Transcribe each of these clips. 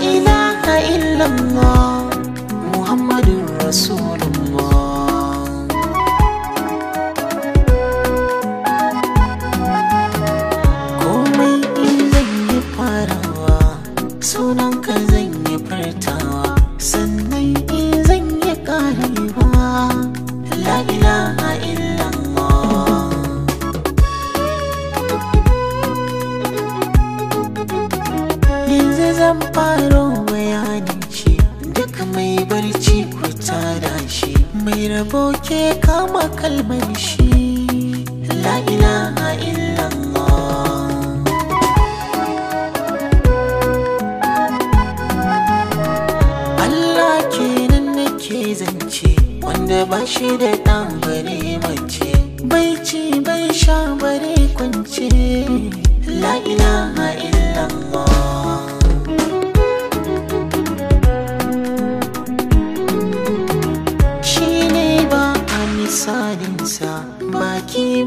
ilaha illallah Muhammadu Rasul mai rabo ke kama kalmar shi a illan illallah Allah kenan nake zance wanda ba shi da ɗan bare mace bai ci bai sha bare kwance la ilaha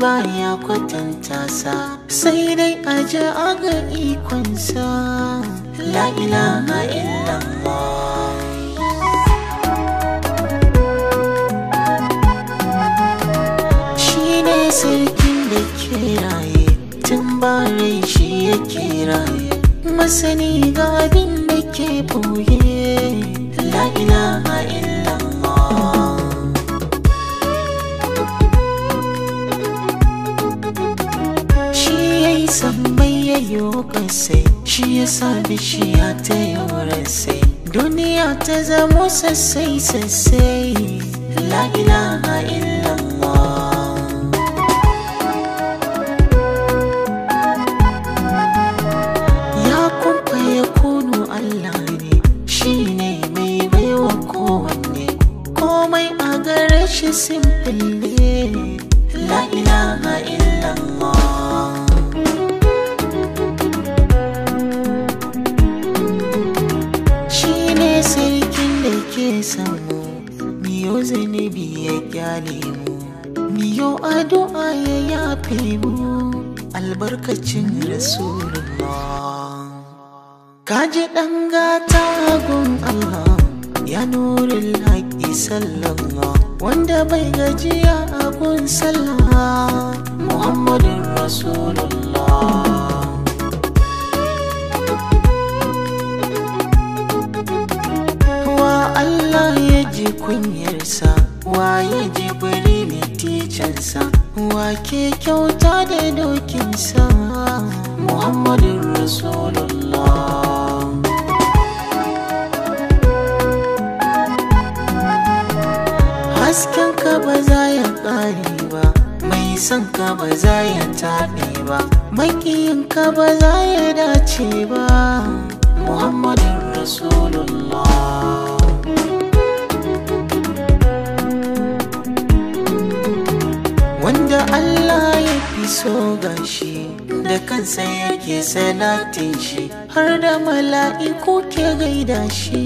Ba ya kwatanta sa sai dai aje a ga ikonsa la Shi ne sarkin da raye, tun bare shi ya raye, masani ga abin da ke boye san bayyayo kansa shi ya sa bishiya shi ta yi duniya ta zamo sassai sassai a ilaha illallah ya kumfa ya kunu allah ne shi mai baiwa kowanne komai a gare shi simfilli ya samu miyo zanibi ya kyale mu miyo addu'a ya yafe mu albarkacin rasulullah kaji ɗan gata gun allah ya nurin haƙi sallallahu wanda bai gajiya a gun sallah muhammadin rasulullah ji kunyarsa waye jibrili ticansa wake kyauta da dokinsa Muhammadu, rasulullah hasken ka ba za ya ƙare ba mai son ka ba za ya taɓe ba makiyin ka ba za ya dace ba Muhammadu, rasulullah wanda Allah ya fi so gashi da kansa yake salatin shi har da mala'iku ke gaida shi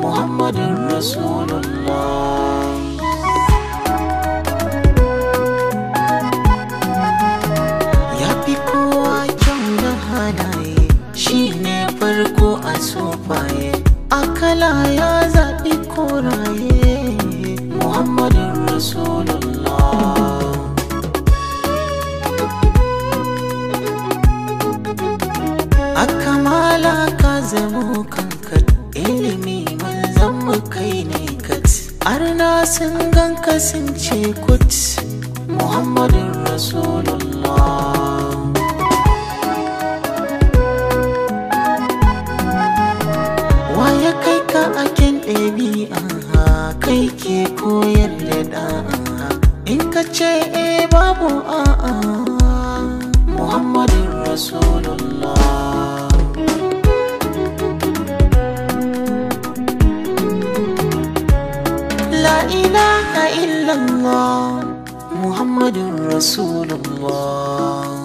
Muhammadun Rasulullah ya fi kowa kyau da halaye shi ne farko a sofaye akala ya zaɓi koraye Muhammadu Rasulullah alaka zamu kankat ilimi mun zama kai ne kat arna sun ganka sun ce kut muhammadin rasulullah ya kai ka akin ɗabi'a kai ke koyar da ɗa'a in ka ce e babu a'a muhammadun rasulullah illallah Muhammadun Rasulullah